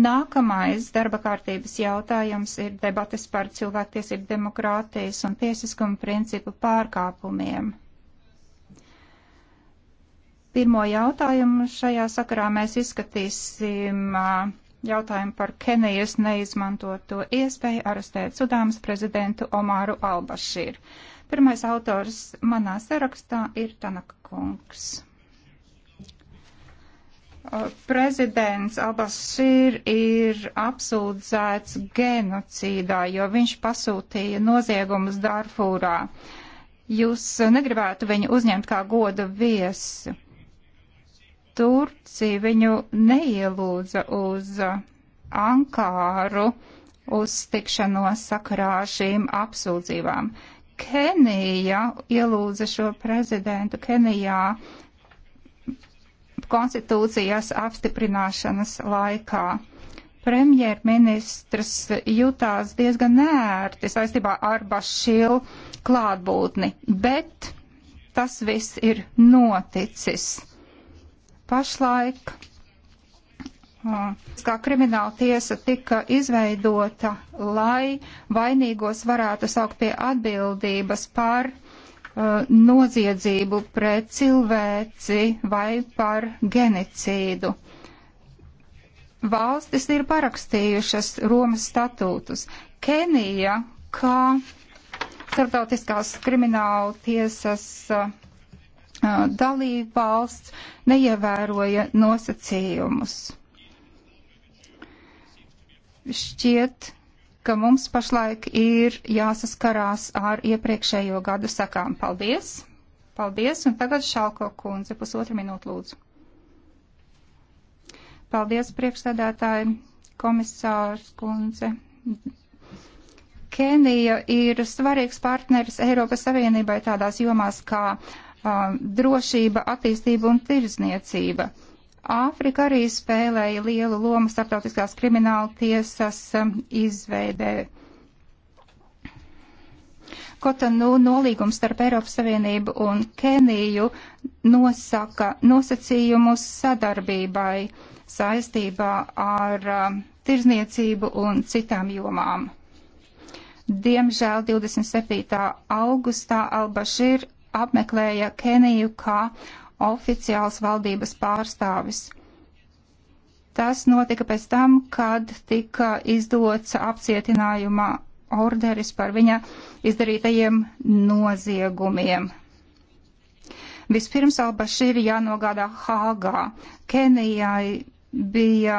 Nākamais darba kārtības jautājums ir debates par cilvēktiesību demokrātijas un tiesiskuma principu pārkāpumiem. Pirmo jautājumu šajā sakarā mēs izskatīsim jautājumu par Kenijas neizmantoto iespēju arestēt Sudāmas prezidentu Omāru Albašīru. Pirmais autors manā sarakstā ir Tanaka kungs prezidents Abasīr ir apsūdzēts genocīdā, jo viņš pasūtīja noziegumus Darfūrā. Jūs negribētu viņu uzņemt kā goda viesi. Turcija viņu neielūdza uz Ankāru uz tikšanos sakarā šīm apsūdzībām. Kenija ielūdza šo prezidentu Kenijā uh, konstitūcijas apstiprināšanas laikā. Premjerministrs jutās diezgan ērti saistībā ar Bašilu klātbūtni, bet tas viss ir noticis. Pašlaik, kā krimināla tiesa tika izveidota, lai vainīgos varētu saukt pie atbildības par Uh, noziedzību pret cilvēci vai par genocīdu. Valstis ir parakstījušas Romas statūtus. Kenija, kā starptautiskās krimināla tiesas uh, dalība valsts, neievēroja nosacījumus. Šķiet, ka mums pašlaik ir jāsaskarās ar iepriekšējo gadu sakām. Paldies! Paldies! Un tagad Šalko kundze pusotru minūtu lūdzu. Paldies, priekšsēdētāji, komisārs kundze. Kenija ir svarīgs partneris Eiropas Savienībai tādās jomās kā uh, drošība, attīstība un tirzniecība. Uh, Āfrika arī spēlēja lielu lomu starptautiskās krimināla tiesas um, izveidē. Kotonu nolīgums starp Eiropas Savienību un Keniju nosaka nosacījumus sadarbībai saistībā ar uh, tirzniecību un citām jomām. Diemžēl 27. augustā Albašīr apmeklēja Keniju kā oficiāls valdības pārstāvis. Tas notika pēc tam, kad tika izdots apcietinājuma orderis par viņa izdarītajiem noziegumiem. Vispirms Albašīri jānogādā Hāgā. Kenijai bija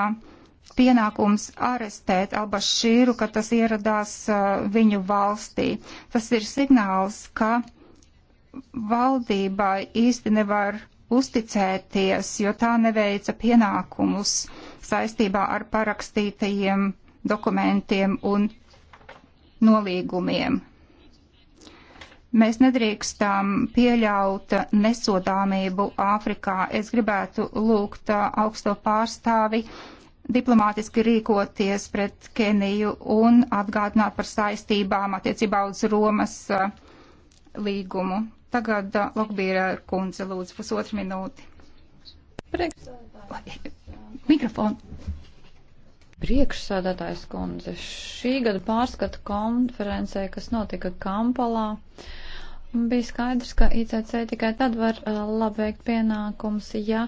pienākums arestēt Albašīru, kad tas ieradās uh, viņu valstī. Tas ir signāls, ka valdībai īsti nevar uzticēties, jo tā neveica pienākumus saistībā ar parakstītajiem dokumentiem un nolīgumiem. Mēs nedrīkstam pieļaut nesodāmību Āfrikā. Es gribētu lūgt uh, augsto pārstāvi diplomātiski rīkoties pret Keniju un atgādināt par saistībām attiecībā uz Romas uh, līgumu. Tagad Lokbīra kundze lūdzu pusotru minūti. Mikrofonu. Priekšsēdētājs kundze, šī gada pārskata konferencē, kas notika Kampalā, uh, Bija skaidrs, ka ICC tikai tad var labveikt pienākums, ja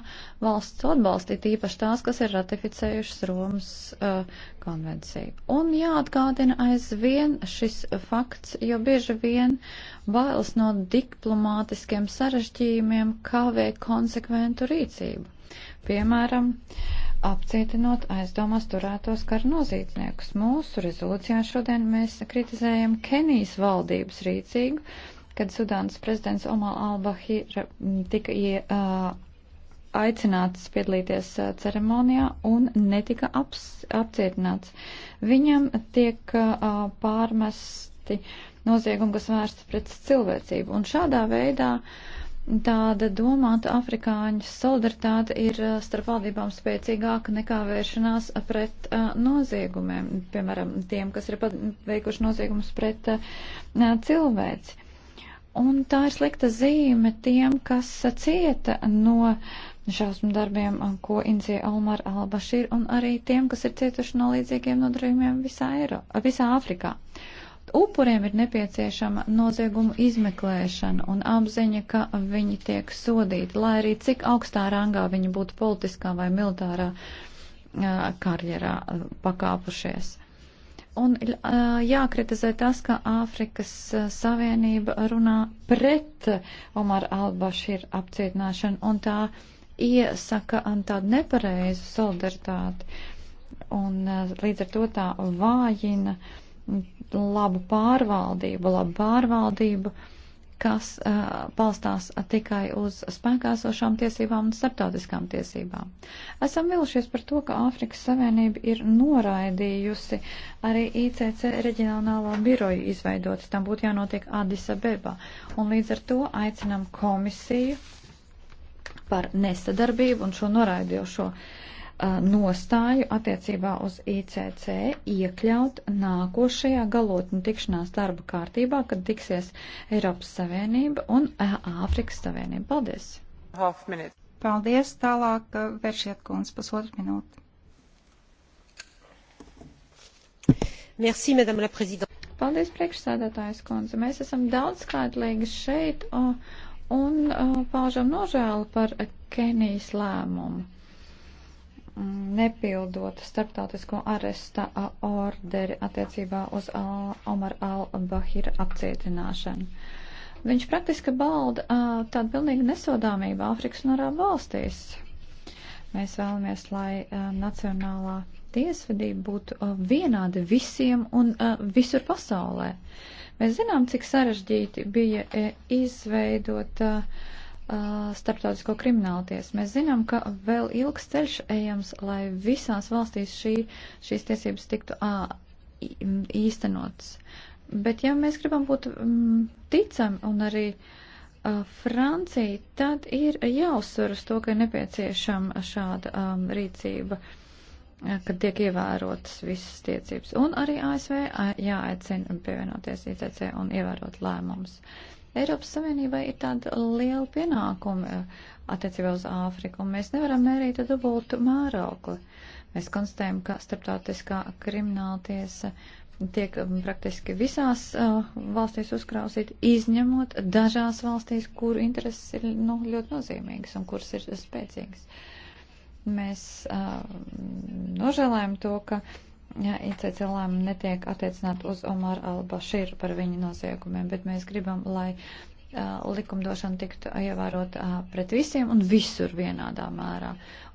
valsts atbalstīt īpaši tās, kas ir ratificējušas Romas uh, konvenciju. Un jāatgādina aizvien šis fakts, jo bieži vien bailes no diplomātiskiem sarežģījumiem kavē konsekventu rīcību. Piemēram, apcietinot aizdomās turētos karu nozīdzniekus. Mūsu rezolūcijā šodien mēs kritizējam Kenijas valdības rīcību kad Sudānas prezidents Omal Al-Bahira mm, tika ie, uh, aicināts piedalīties uh, ceremonijā un netika aps, apcietināts. Viņam tiek uh, pārmesti noziegumi, kas vērsts pret cilvēcību. Un šādā veidā tāda domāta afrikāņu solidaritāte ir uh, starp valdībām spēcīgāka nekā vēršanās pret uh, noziegumiem, piemēram, tiem, kas ir veikuši noziegumus pret uh, cilvēci Un tā ir slikta zīme tiem, kas cieta no šausmu darbiem, ko iniciē Almar Albašīr, un arī tiem, kas ir cietuši no līdzīgiem nodarījumiem visā, Eiro, visā Afrikā. Upuriem ir nepieciešama noziegumu izmeklēšana un apziņa, ka viņi tiek sodīti, lai arī cik augstā rangā viņi būtu politiskā vai militārā karjerā pakāpušies. Un uh, jākritizē tas, ka Āfrikas uh, Savienība runā pret Omar al-Bashir apcietināšanu un tā iesaka tādu nepareizu solidaritāti. Un uh, līdz ar to tā vājina labu pārvaldību, labu pārvaldību. Uh, kas uh, balstās tikai uz spēkā esošām tiesībām un starptautiskām tiesībām. Esam vilšies par to, ka Āfrikas Savienība ir noraidījusi arī ICC reģionālā biroju izveidot. Tam būtu jānotiek Adisa Bebā. Un līdz ar to aicinam komisiju par nesadarbību un šo noraidījošo uh, Uh, nostāju attiecībā uz ICC iekļaut nākošajā galotņu tikšanās darba kārtībā, kad tiksies Eiropas Savienība un uh, Āfrikas Savienība. Paldies! Paldies! Tālāk uh, vēršiet kundz pusotru minūti. Merci, Madame la Présidente. Paldies, priekšsēdētājs kundze. Mēs esam daudzskaitlīgi šeit un paužam nožēlu par Kenijas lēmumu nepildot starptautisko aresta orderi attiecībā uz Omar al-Bahira apcietināšanu. Viņš praktiski balda tādu pilnīgu nesodāmību Āfrikas un Arābu valstīs. Mēs vēlamies, lai nacionālā tiesvedība būtu vienāda visiem un visur pasaulē. Mēs zinām, cik sarežģīti bija izveidot uh, Uh, starptautisko kriminālu tiesu. Mēs zinām, ka vēl ilgs ceļš ejams, lai visās valstīs šī, šīs tiesības tiktu ā, īstenotas. Bet ja mēs gribam būt m, ticam un arī a, Francija, tad ir jāuzsver uz to, ka ir nepieciešama šāda um, rīcība, a, kad tiek ievērotas visas tiecības. Un arī ASV a, jāaicina pievienoties ICC un ievērot lēmumus. Uh, Eiropas Savienībai ir tāda liela pienākuma eh, attiecībā uz Āfriku, un mēs nevaram mērīt dubultu mērokli. Mēs konstatējam, ka starptautiskā krimināla tiesa tiek eh, praktiski visās uh, valstīs uzkrausīt, izņemot dažās valstīs, kuru intereses ir nu, ļoti nozīmīgas un kuras ir spēcīgas. Mēs uh, nožēlējam to, ka ja, ICC lēmumi netiek attiecināt uz Omar al-Bashir par viņa noziegumiem, bet mēs gribam, lai likumdošana tiktu ievērot pret visiem un visur vienādā mērā.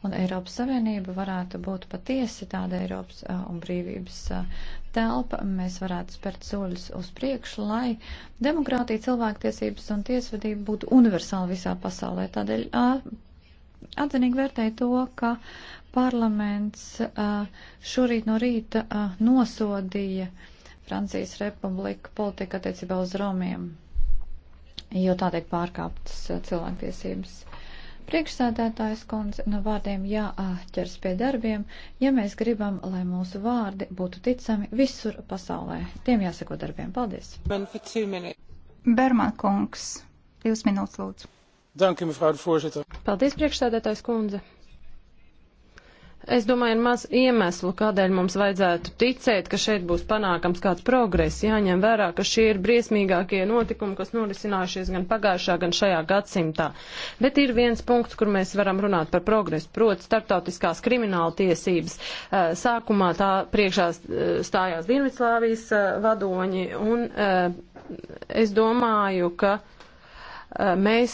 Un Eiropas Savienība varētu būt patiesi tāda Eiropas un brīvības telpa. Mēs varētu spērt soļus uz priekšu, lai demokrātija, cilvēktiesības un tiesvedība būtu universāli visā pasaulē. Tādēļ atzinīgi vērtēju to, ka Parlaments šorīt no rīta nosodīja Francijas republika politika attiecībā uz romiem, jo tā tiek pārkāptas cilvēktiesības. Priekšsēdētājs kundze no nu, vārdiem jāķers pie darbiem, ja mēs gribam, lai mūsu vārdi būtu ticami visur pasaulē. Tiem jāsako darbiem. Paldies! Berman kungs, divas minūtes lūdzu. Danki, mevrouw de voorzitter. Paldies, priekšsēdētājs kundze es domāju, ir maz iemeslu, kādēļ mums vajadzētu ticēt, ka šeit būs panākams kāds progress. Jāņem vērā, ka šie ir briesmīgākie notikumi, kas norisinājušies gan pagājušā, gan šajā gadsimtā. Bet ir viens punkts, kur mēs varam runāt par progresu, proti starptautiskās krimināla tiesības. Eh, sākumā tā priekšā eh, stājās Dienvidslāvijas eh, vadoņi, un es domāju, ka Eh, mēs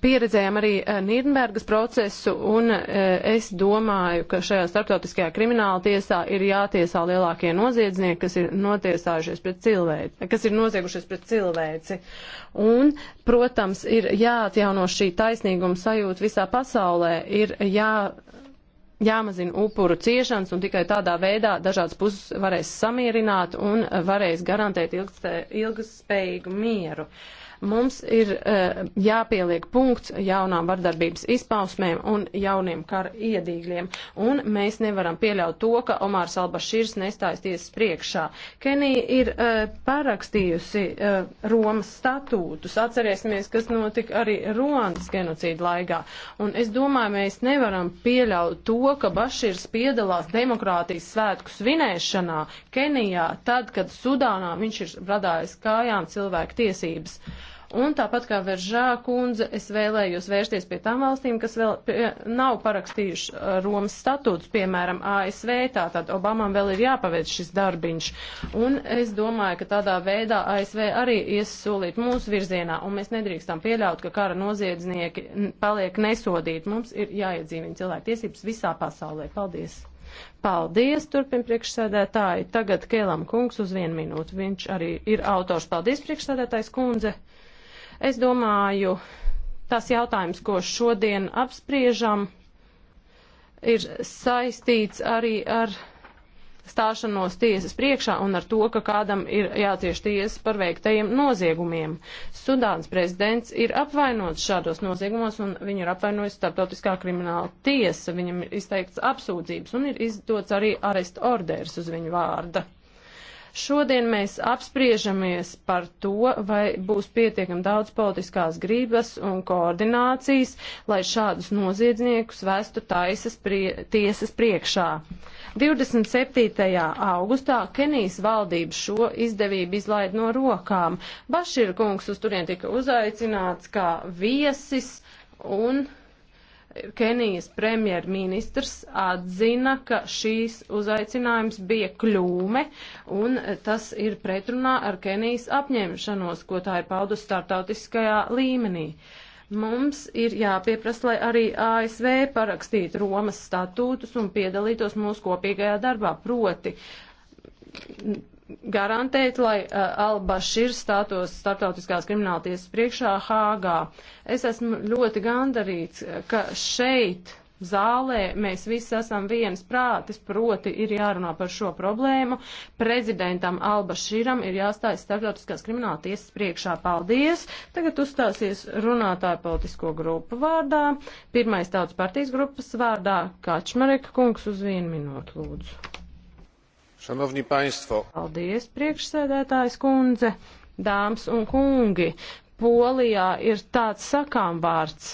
pieredzējām arī eh, Nīrnbergas procesu, un eh, es domāju, ka šajā starptautiskajā krimināla tiesā ir jātiesā lielākie noziedznieki, kas ir notiesājušies pret cilvēci, kas ir noziegušies pret cilvēci. Un, protams, ir jāatjauno šī taisnīguma sajūta visā pasaulē, ir jā jāmazina upuru ciešanas, un tikai tādā veidā dažādas puses varēs samierināt un varēs garantēt ilgspējīgu mieru. Mums ir eh, jāpieliek punkts jaunām vardarbības izpausmēm un jauniem kara iedīgļiem, un mēs nevaram pieļaut to, ka Omārs Albašīrs nestājas tiesas priekšā. Kenija ir eh, parakstījusi eh, Romas statūtus. Atcerēsimies, kas notika arī Ruandas genocīda laikā. Un es domāju, mēs nevaram pieļaut to, ka Bašīrs piedalās demokrātijas svētku svinēšanā Kenijā, tad, kad Sudānā viņš ir radājis kājām cilvēku tiesības. Uh, Un tāpat kā Veržā kundze, es vēlējos vērsties pie tām valstīm, kas vēl pie, nav parakstījuši uh, Romas statūtus, piemēram, ASV, tātad Obamam vēl ir jāpaveic šis darbiņš. Un es domāju, ka tādā veidā ASV arī iesolīt mūsu virzienā, un mēs nedrīkstam pieļaut, ka kara noziedznieki paliek nesodīti. Mums ir jāiedzīvina cilvēktiesības visā pasaulē. Paldies! Paldies, turpin priekšsēdētāji. Tagad Kēlam kungs uz vienu minūtu. Viņš arī ir autors. Paldies, priekšsēdētājs kundze. Es domāju, tas jautājums, ko šodien apspriežam, ir saistīts arī ar stāšanos tiesas priekšā un ar to, ka kādam ir jācieš tiesas par veiktajiem noziegumiem. Sudāns prezidents ir apvainots šādos noziegumos un viņu ir apvainojis starptautiskā krimināla tiesa. Viņam ir izteikts apsūdzības un ir izdots arī arest orders uz viņu vārda. Šodien mēs apspriežamies par to, vai būs pietiekami daudz politiskās grības un koordinācijas, lai šādus noziedzniekus vestu taisas prie, tiesas priekšā. 27. augustā Kenijas valdība šo izdevību izlaid no rokām. Bašīra kungs uz turien tika uzaicināts kā viesis un Kenijas premjerministrs atzina, ka šīs uzaicinājums bija kļūme, un tas ir pretrunā ar Kenijas apņemšanos, ko tā ir paudusi startautiskajā līmenī. Mums ir jāpieprasa, lai arī ASV parakstītu Romas statūtus un piedalītos mūsu kopīgajā darbā, proti garantēt, lai uh, Al-Bashir status starptautiskās krimināltiesas priekšā Hāgā. Es esmu ļoti gandarīts, ka šeit zālē mēs visi esam viens prātis, proti ir jārunā par šo problēmu. Prezidentam Al-Bashiram ir jāstājas starptautiskās krimināltiesas priekšā. Paldies! Tagad uzstāsies runātāja politisko grupu vārdā. Pirmais tautas partijas grupas vārdā Kačmareka kungs uz vienu minūtu lūdzu. Šanovni państvo. Paldies, priekšsēdētājs kundze, dāmas un kungi. Polijā ir tāds sakām vārds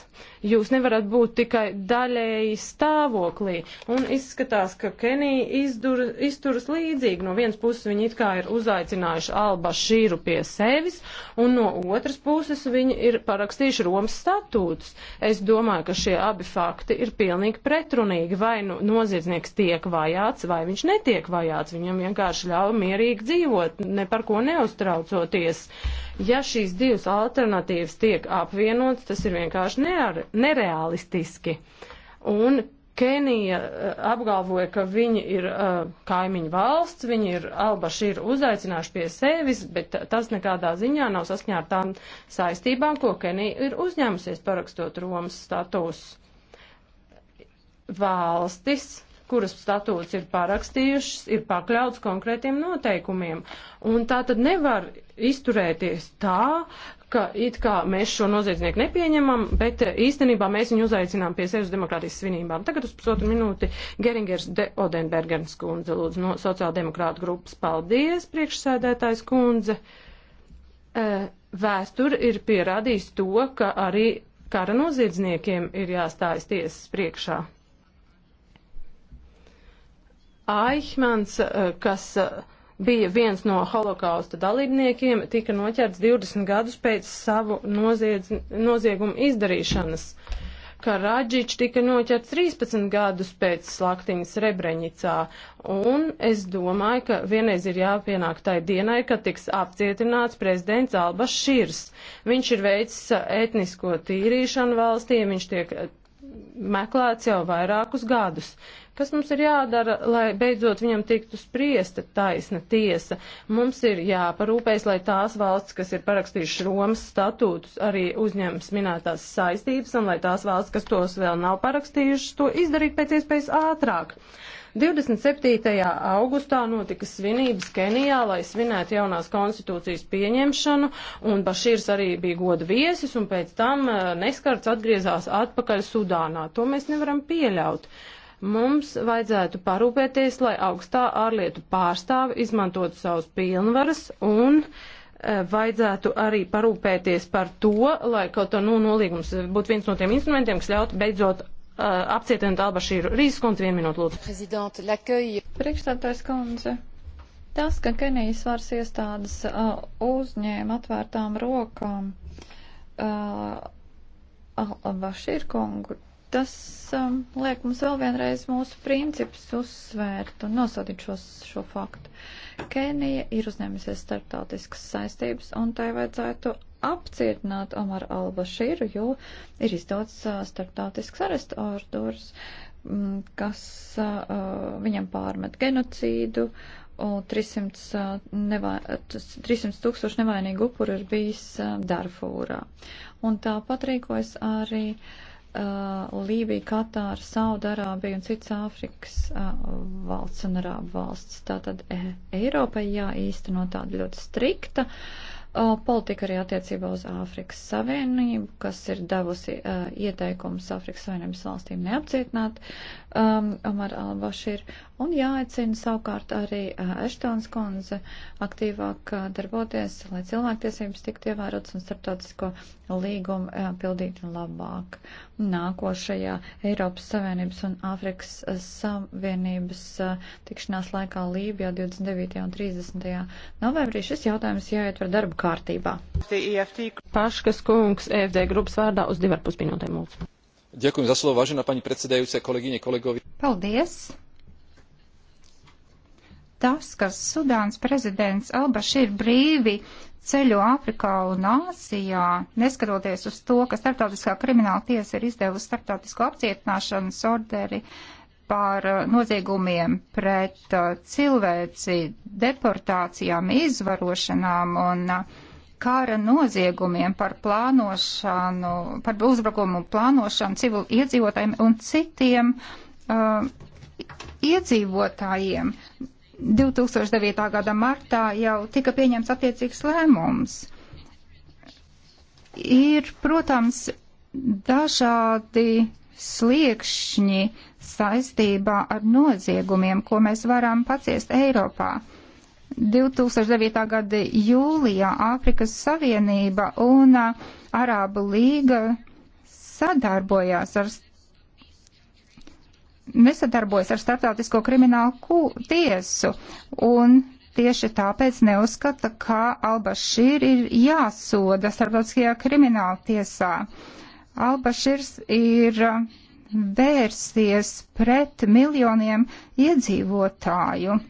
Jūs nevarat būt tikai daļēji stāvoklī. Un izskatās, ka Kenija izdur, izturas līdzīgi. No vienas puses viņi it kā ir uzaicinājuši Alba Šīru pie sevis, un no otras puses viņi ir parakstījuši Romas statūtus. Es domāju, ka šie abi fakti ir pilnīgi pretrunīgi. Vai nu noziedznieks tiek vajāts, vai viņš netiek vajāts. Viņam vienkārši ļauj mierīgi dzīvot, ne par ko neuztraucoties. Ja šīs divas alternatīvas tiek apvienotas, tas ir vienkārši near, nereālistiski. Un Kenija eh, apgalvoja, ka viņi ir uh, kaimiņu valsts, viņi ir Albaši ir uzaicinājuši pie sevis, bet tas nekādā ziņā nav saskņā ar tām saistībām, ko Kenija ir uzņēmusies parakstot Romas status. Valstis, kuras statūts ir parakstījušas, ir pakļauts konkrētiem noteikumiem. Un tā tad nevar izturēties tā, ka it kā mēs šo noziedznieku nepieņemam, bet eh, īstenībā mēs viņu uzaicinām pie sevis demokrātijas svinībām. Tagad uz pusotru minūti Geringers de Odenbergens kundze, lūdzu, no sociāldemokrāta grupas. Paldies, priekšsēdētājs kundze. Eh, vēsture ir pierādījusi to, ka arī kara noziedzniekiem ir jāstājas tiesas priekšā. Aihmans, eh, kas bija viens no holokausta dalībniekiem, tika noķerts 20 gadus pēc savu noziedz, noziegumu izdarīšanas. Karadžič tika noķerts 13 gadus pēc slaktiņas Rebreņicā, un es domāju, ka vienreiz ir jāpienāk tai dienai, kad tiks apcietināts prezidents Alba Širs. Viņš ir veicis etnisko tīrīšanu valstī, viņš tiek meklēts jau vairākus gadus. Uh, Kas mums ir jādara, lai beidzot viņam tiktu spriesta taisna tiesa? Mums ir jāparūpējas, lai tās valsts, kas ir parakstījušas Romas statūtus, arī uzņems minētās saistības, un lai tās valsts, kas tos vēl nav parakstījušas, to izdarītu pēc iespējas ātrāk. 27. augustā notika svinības Kenijā, lai svinētu jaunās konstitūcijas pieņemšanu, un Bašīrs arī bija goda viesis, un pēc tam eh, neskarts atgriezās atpakaļ Sudānā. To mēs nevaram pieļaut. Mums vajadzētu parūpēties, lai augstā ārlietu pārstāve izmantotu savus pilnvaras un e, vajadzētu arī parūpēties par to, lai kaut to nu, nolīgums būtu viens no tiem instrumentiem, kas ļautu beidzot uh, apcietināt Albašīru. Rīzes kundze, vienu minūtu lūdzu. Priekšstādājs kundze. Tas, ka Kenijas varas iestādes uh, uzņēma atvērtām rokām uh, Albašīru kungu, tas um, liek mums vēl vienreiz mūsu principus uzsvērt un nosodīt šos, šo faktu. Kenija ir uzņēmusies starptautiskas saistības, un tai vajadzētu apcietināt Omar al-Bashiru, jo ir izdots uh, starptautisks arestu ordurs, mm, kas uh, uh viņam pārmet genocīdu, un 300, uh, nevai, 300 tūkstoši nevainīgu upuru ir bijis uh, Darfūrā. Un tāpat rīkojas arī uh, uh, Lībija, Katāra, Saudarābija un cits Āfrikas uh, valsts un Arābu valsts. Tātad e Eiropai jāīsteno tāda ļoti strikta uh, politika arī attiecībā uz Āfrikas Savienību, kas ir devusi uh, ieteikumus Āfrikas Savienības valstīm neapcietināt um, Omar Albašir. Un jāaicina savukārt arī uh, Eštons konze aktīvāk uh, darboties, lai cilvēktiesības tiktu ievērotas un starptautisko līgumu uh, pildītu labāk nākošajā Eiropas Savienības un Āfrikas eh, Savienības eh, tikšanās laikā Lībijā 29. un 30. novembrī. Šis jautājums jāietver darba kārtībā. Paškas kungs, EFD grupas vārdā uz divarpus minūtēm lūdzu. Ďakujem za slovo, vážená pani predsedajúca, kolegyne, kolegovi. Paldies! Tas, ka Sudāns prezidents Albašīr brīvi ceļu Āfrikā un Āsijā, neskatoties uz to, ka starptautiskā krimināla tiesa ir izdevusi starptautisko apcietināšanas orderi par uh, noziegumiem pret uh, cilvēci, deportācijām, izvarošanām un uh, kara noziegumiem par plānošanu, par uzbrukumu plānošanu civil iedzīvotājiem un citiem uh, iedzīvotājiem. 2009. gada martā jau tika pieņemts attiecīgs lēmums. Ir, protams, dažādi sliekšņi saistībā ar noziegumiem, ko mēs varam paciest Eiropā. 2009. gada jūlijā Āfrikas Savienība un Arābu līga sadarbojās ar nesadarbojas ar starptautisko kriminālu tiesu un tieši tāpēc neuzskata, ka Albašīr ir jāsoda starptautiskajā krimināla tiesā. Albašīrs ir uh, vērsies pret miljoniem iedzīvotāju.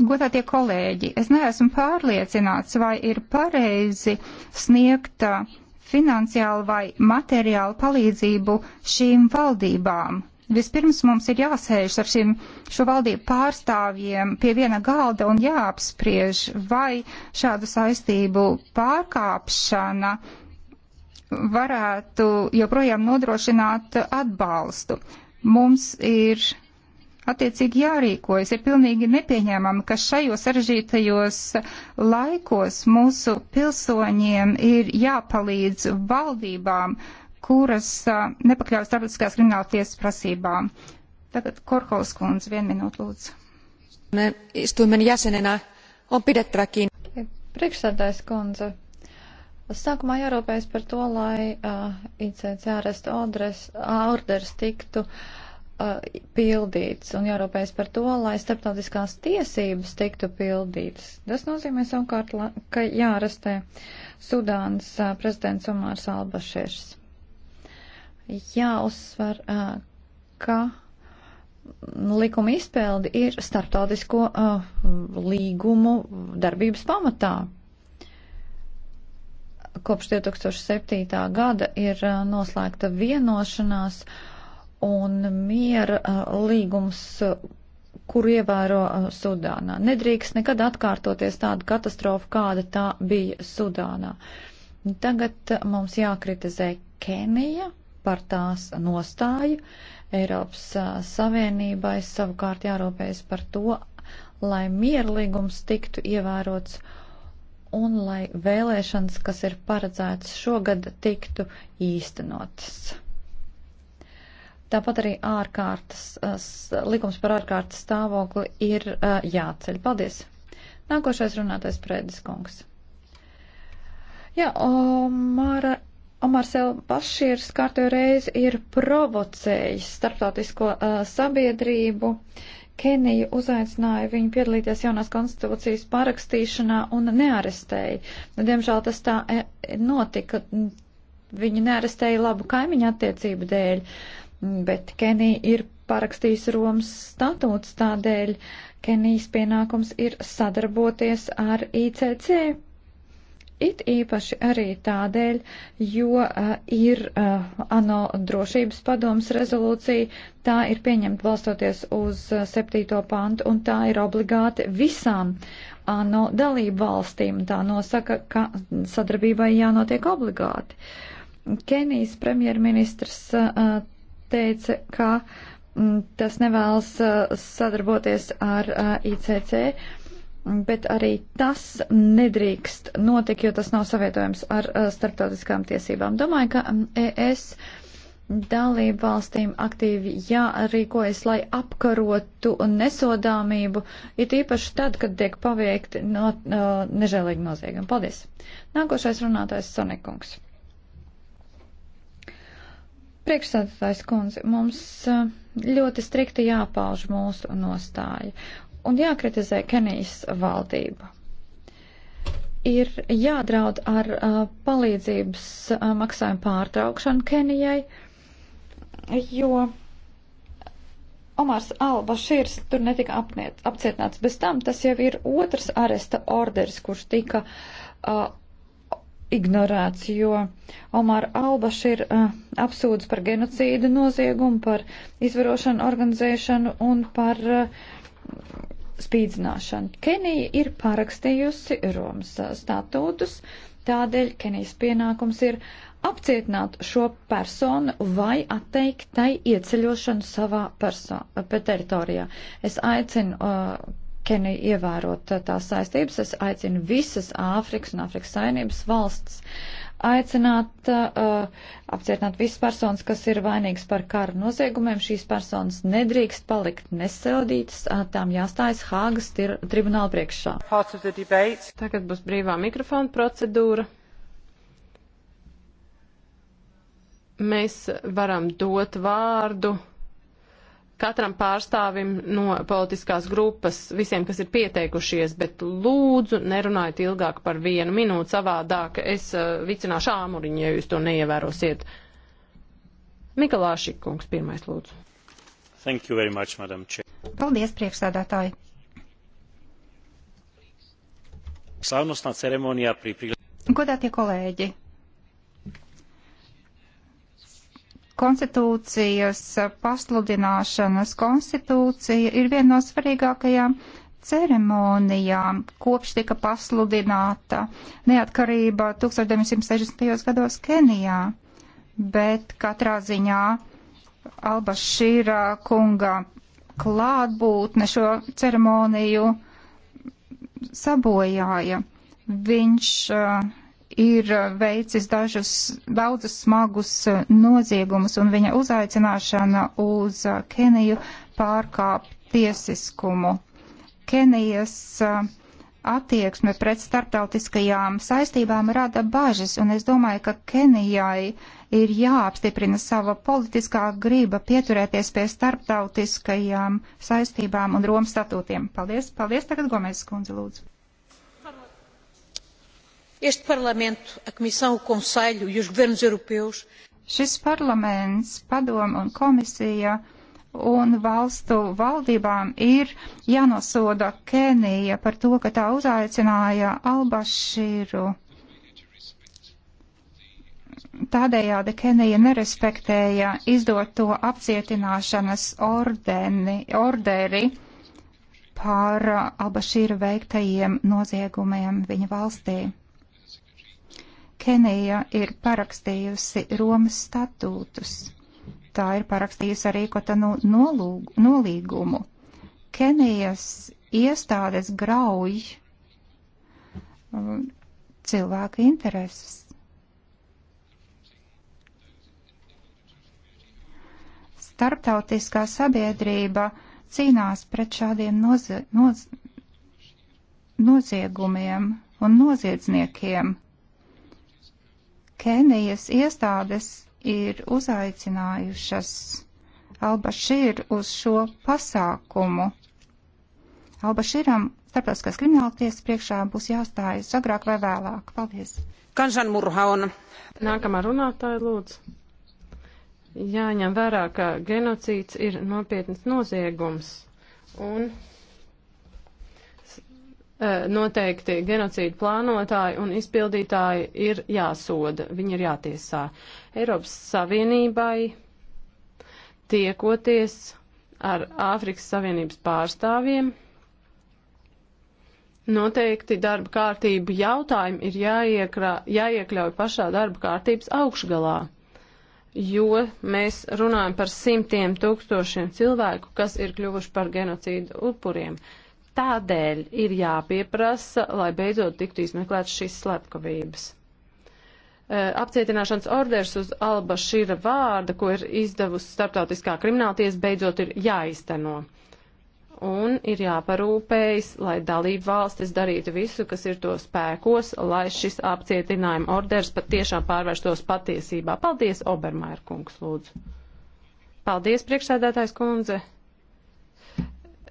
Godātie kolēģi, es neesmu pārliecināts, vai ir pareizi sniegta uh, finansiālu vai materiālu palīdzību šīm valdībām. Vispirms mums ir jāsēž ar šim, šo valdību pārstāvjiem pie viena galda un jāapspriež, vai šādu saistību pārkāpšana varētu joprojām nodrošināt atbalstu. Mums ir attiecīgi jārīkojas. Ir pilnīgi nepieņēmami, ka šajos sarežģītajos laikos mūsu pilsoņiem ir jāpalīdz valdībām, kuras nepakļaujas starptautiskās krimināla tiesas prasībām. Tagad Korholas kundze, vienu minūtu lūdzu. Istuimen jäsenenä on pidettävä kiinni. Priekšsēdājs kundze, Sākumā jārūpējas par to, lai uh, ICC arestu orders tiktu uh, pildīts un jārūpējas par to, lai starptautiskās tiesības tiktu pildītas. Tas nozīmē savukārt, ka jārastē Sudānas prezidents Omārs Albašers. Jāuzsver, ka likuma izpildi ir starptautisko līgumu darbības pamatā. Kopš 2007. gada ir noslēgta vienošanās uh, un miera līgums, kuru ievēro Sudānā. Nedrīkst nekad atkārtoties tāda katastrofa, kāda tā bija Sudānā. Tagad mums jākritizē Kenija par tās nostāju. Eiropas Savienībai savukārt jārūpējas par to, lai mierlīgums tiktu ievērots un lai vēlēšanas, kas ir paredzētas šogad, tiktu īstenotas. Tāpat arī ārkārtas, likums par ārkārtas stāvokli ir jāceļ. Paldies! Nākošais runātais Prēdis kungs. Jā, Omara, Omars jau pašīrs kārtējo reizi ir provocējis starptautisko uh, sabiedrību. Kenija uzaicināja viņu piedalīties jaunās konstitūcijas parakstīšanā un nearestēja. Nu, diemžēl tas tā notika. Viņu nearestēja labu kaimiņu attiecību dēļ bet Kenija ir parakstījusi Romas statūts, tādēļ Kenijas pienākums ir sadarboties ar ICC. It īpaši arī tādēļ, jo uh, ir uh, ANO drošības padomas rezolūcija, tā ir pieņemta balstoties uz uh, 7. pantu un tā ir obligāti visām ANO dalību valstīm. Tā nosaka, ka sadarbībai jānotiek obligāti. Kenijas premjerministrs uh, teica, ka mm, tas nevēlas uh, sadarboties ar uh, ICC, bet arī tas nedrīkst notikt, jo tas nav savietojams ar uh, starptautiskām tiesībām. Domāju, ka mm, ES dalību valstīm aktīvi jārīkojas, lai apkarotu nesodāmību, it īpaši tad, kad tiek paveikti no, no, nežēlīgi noziegumi. Paldies! Nākošais runātājs Sonikungs. Priekšsēdētājs kundze, mums eh, ļoti strikti jāpauž mūsu nostāja un jākritizē Kenijas valdība. Ir jādraud ar uh, palīdzības uh, maksājumu pārtraukšanu Kenijai, jo Omars Albašīrs tur netika apniet, apcietināts. Bez tam tas jau ir otrs aresta orders, kurš tika uh, ignorēts, jo Omar Albašir uh, eh, apsūdz par genocīdu noziegumu, par izvarošanu, organizēšanu un par uh, spīdzināšanu. Kenija ir parakstījusi Romas eh, statūtus, tādēļ Kenijas pienākums ir apcietināt šo personu vai atteikt tai ieceļošanu savā perso, teritorijā. Es aicinu uh, Keniju ievērot uh, tās saistības. Es aicinu visas Āfrikas un Āfrikas saimnības valsts aicināt uh, apcietināt visas personas, kas ir vainīgas par kara noziegumiem. Šīs personas nedrīkst palikt nesildītas, uh, tām jāstājas Hāgas tribunāla priekšā. Tagad būs brīvā mikrofona procedūra. Mēs varam dot vārdu katram pārstāvim no politiskās grupas, visiem, kas ir pieteikušies, bet lūdzu nerunājiet ilgāk par vienu minūtu savādāk. Es uh, vicināšu āmuriņu, ja jūs to neievērosiet. Mikalāši kungs pirmais lūdzu. Thank you very much, Madam Chair. Paldies, priekšsēdētāji. Slāvnostā ceremonijā pri... Godātie kolēģi, konstitūcijas pasludināšanas konstitūcija ir viena no svarīgākajām ceremonijām, kopš tika pasludināta neatkarība 1960. gados Kenijā. Bet katrā ziņā Alba Šīra kunga klātbūtne šo ceremoniju sabojāja. Viņš uh, ir eh, veicis dažus, daudzus smagus eh, noziegumus, un viņa uzaicināšana uz eh, Keniju pārkāp tiesiskumu. Kenijas attieksme pret starptautiskajām saistībām rada bažas, un es domāju, ka Kenijai ir jāapstiprina sava politiskā grība pieturēties pie starptautiskajām saistībām un Romas statūtiem. Paldies, paldies tagad Gomez kundze, lūdzu. Este Parlamento, a Comissão, o Conselho e os governos europeus. Šis parlaments, padoma un komisija un valstu valdībām ir jānosoda Kenija par to, ka tā uzaicināja Albašīru. Tādējādi Kenija nerespektēja izdoto apcietināšanas ordeni, orderi par Albašīra veiktajiem noziegumiem viņa valstī. Kenija ir parakstījusi Romas statūtus. Tā ir parakstījusi arī Kotanu nolīgumu. Kenijas iestādes grauj um, cilvēka intereses. Starptautiskā sabiedrība cīnās pret šādiem nozie, noz, noziegumiem un noziedzniekiem. Kenijas iestādes ir uzaicinājušas Albašīru uz šo pasākumu. Albašīram starptautiskās krimināltiesas priekšā būs jāstājas agrāk vai vēlāk. Paldies! Kansanmurha on. Nākamā runātāja lūdzu. Jāņem vērā, ka genocīds ir nopietnas noziegums. Un Eh, noteikti genocīdu plānotāji un izpildītāji ir jāsoda, viņi ir jātiesā. Eiropas Savienībai tiekoties ar Āfrikas Savienības pārstāvjiem, noteikti darba kārtību jautājumi ir jāiekra, jāiekļauj pašā darba kārtības augšgalā, jo mēs runājam par simtiem tūkstošiem cilvēku, kas ir kļuvuši par genocīdu upuriem. Tādēļ ir jāpieprasa, lai beidzot tiktu izmeklēts šīs slepkavības. E, apcietināšanas orders uz Alba Šīra vārda, ko ir izdevusi starptautiskā krimināltiesa, beidzot ir jāizteno. Un ir jāparūpējas, lai dalību valstis darītu visu, kas ir to spēkos, lai šis apcietinājuma orders patiešām pārvērstos patiesībā. Paldies, Obermairkungs, lūdzu. Paldies, priekšsēdētājs kundze.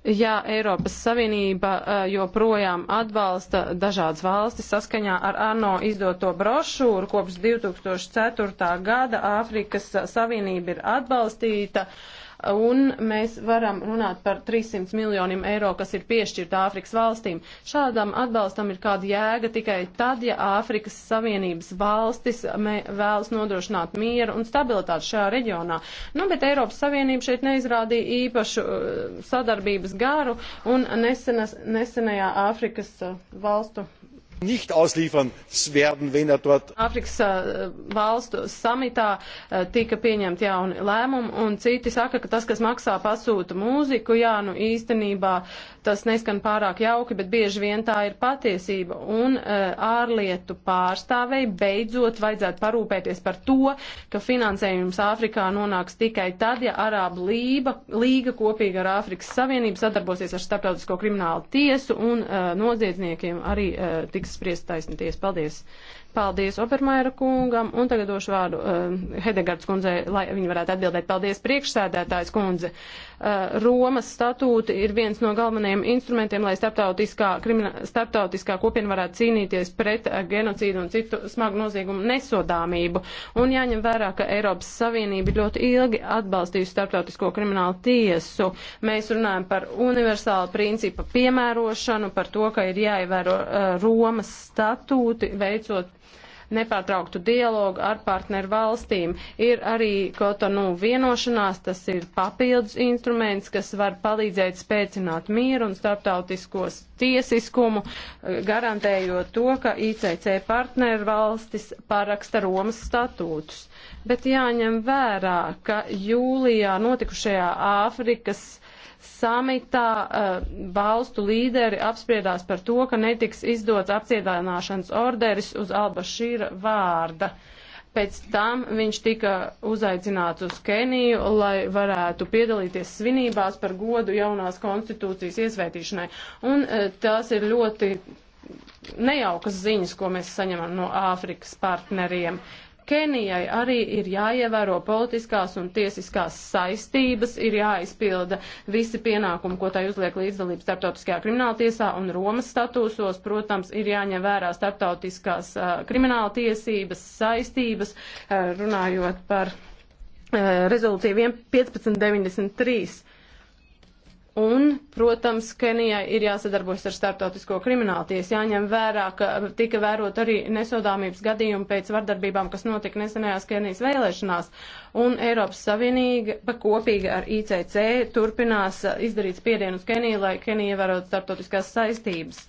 Ja Eiropas Savienība joprojām atbalsta dažādas valstis saskaņā ar ANO izdoto brošūru, kopš 2004. gada Āfrikas Savienība ir atbalstīta uh, un mēs varam runāt par 300 miljoniem eiro, kas ir piešķirta Āfrikas valstīm. Šādam atbalstam ir kāda jēga tikai tad, ja Āfrikas Savienības valstis vēlas nodrošināt mieru un stabilitāti šajā reģionā. Nu, bet Eiropas Savienība šeit neizrādīja īpašu uh, sadarbības garu un nesenas, nesenajā Āfrikas uh, valstu nicht ausliefern werden, wenn er dort. Afrikas valstu samitā tika pieņemti jauni lēmumi, un citi saka, ka tas, kas maksā pasūta mūziku, jā, nu īstenībā tas neskan pārāk jauki, bet bieži vien tā ir patiesība. Un ārlietu pārstāvei beidzot vajadzētu parūpēties par to, ka finansējums Āfrikā nonāks tikai tad, ja Arābu lība, līga kopīgi ar Āfrikas Savienību sadarbosies ar Starptautisko kriminālu tiesu un noziedzniekiem arī tiks tiks spriest taisnīties. Paldies! paldies Obermaira kungam, un tagad došu vārdu uh, Hedegards kundzei, lai viņi varētu atbildēt. Paldies priekšsēdētājs kundze. Uh, Romas statūti ir viens no galvenajiem instrumentiem, lai starptautiskā, krimina, starptautiskā kopiena varētu cīnīties pret uh, genocīdu un citu smagu noziegumu nesodāmību. Un jāņem vērā, ka Eiropas Savienība ļoti ilgi atbalstījusi starptautisko kriminālu tiesu. Mēs runājam par universālu principu piemērošanu, par to, ka ir jāievēro uh, Romas statūti, veicot nepārtrauktu dialogu ar partneru valstīm. Ir arī Kotonu vienošanās, tas ir papildus instruments, kas var palīdzēt spēcināt mieru un starptautiskos tiesiskumu, garantējot to, ka ICC partneru valstis paraksta Romas statūtus. Bet jāņem vērā, ka jūlijā notikušajā Āfrikas samitā balstu eh, līderi apspriedās par to, ka netiks izdots apcietināšanas orderis uz Albašīra vārda. Pēc tam viņš tika uzaicināts uz Keniju, lai varētu piedalīties svinībās par godu jaunās konstitūcijas iesvētīšanai. Un eh, tās ir ļoti nejaukas ziņas, ko mēs saņemam no Āfrikas partneriem. Kenijai arī ir jāievēro politiskās un tiesiskās saistības, ir jāizpilda visi pienākumi, ko tai uzliek līdzdalība starptautiskajā krimināltiesā un Romas statūsos. Protams, ir jāņem vērā starptautiskās uh, krimināltiesības saistības, uh, runājot par uh, rezolūciju 1593. Un, protams, Kenijai ir jāsadarbojas ar starptautisko krimināltiesu, jāņem vērā, ka tika vērot arī nesodāmības gadījumi pēc vardarbībām, kas notika nesenajās Kenijas vēlēšanās. Un Eiropas Savienība kopīgi ar ICC turpinās izdarīt spiedienu uz Keniju, lai Kenija ievērotu starptautiskās saistības.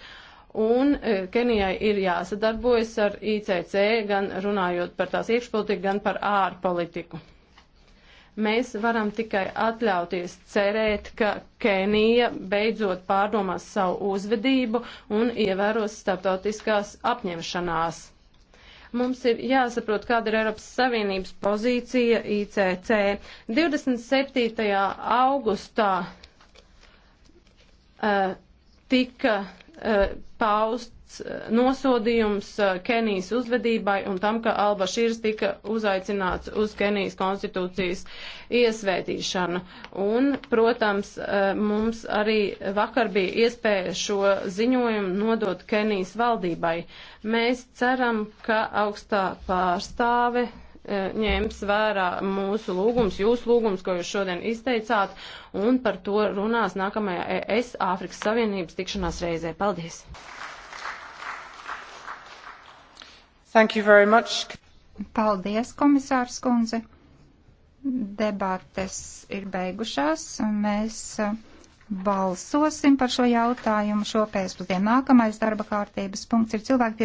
Un e, Kenijai ir jāsadarbojas ar ICC, gan runājot par tās iekšpolitiku, gan par ārpolitiku. Mēs varam tikai atļauties cerēt, ka Kenija beidzot pārdomās savu uzvedību un ievēros starptautiskās apņemšanās mums ir jāsaprot, kāda ir Eiropas Savienības pozīcija ICC. 27. augustā uh, tika Eh, pausts eh, nosodījums eh, Kenijas uzvedībai un tam, ka Alba Šīrs tika uzaicināts uz Kenijas konstitūcijas iesvētīšanu. Un, protams, mums arī vakar bija iespēja šo ziņojumu nodot Kenijas valdībai. Mēs ceram, ka augstā pārstāve ņēms vērā mūsu lūgums, jūsu lūgums, ko jūs šodien izteicāt, un par to runās nākamajā ES Āfrikas Savienības tikšanās reizē. Paldies! Thank you very much. Paldies, komisārs kundze. Debates ir beigušās. Mēs uh, balsosim par šo jautājumu šo pēcpusdienu. Nākamais darba kārtības punkts ir cilvēktiesības.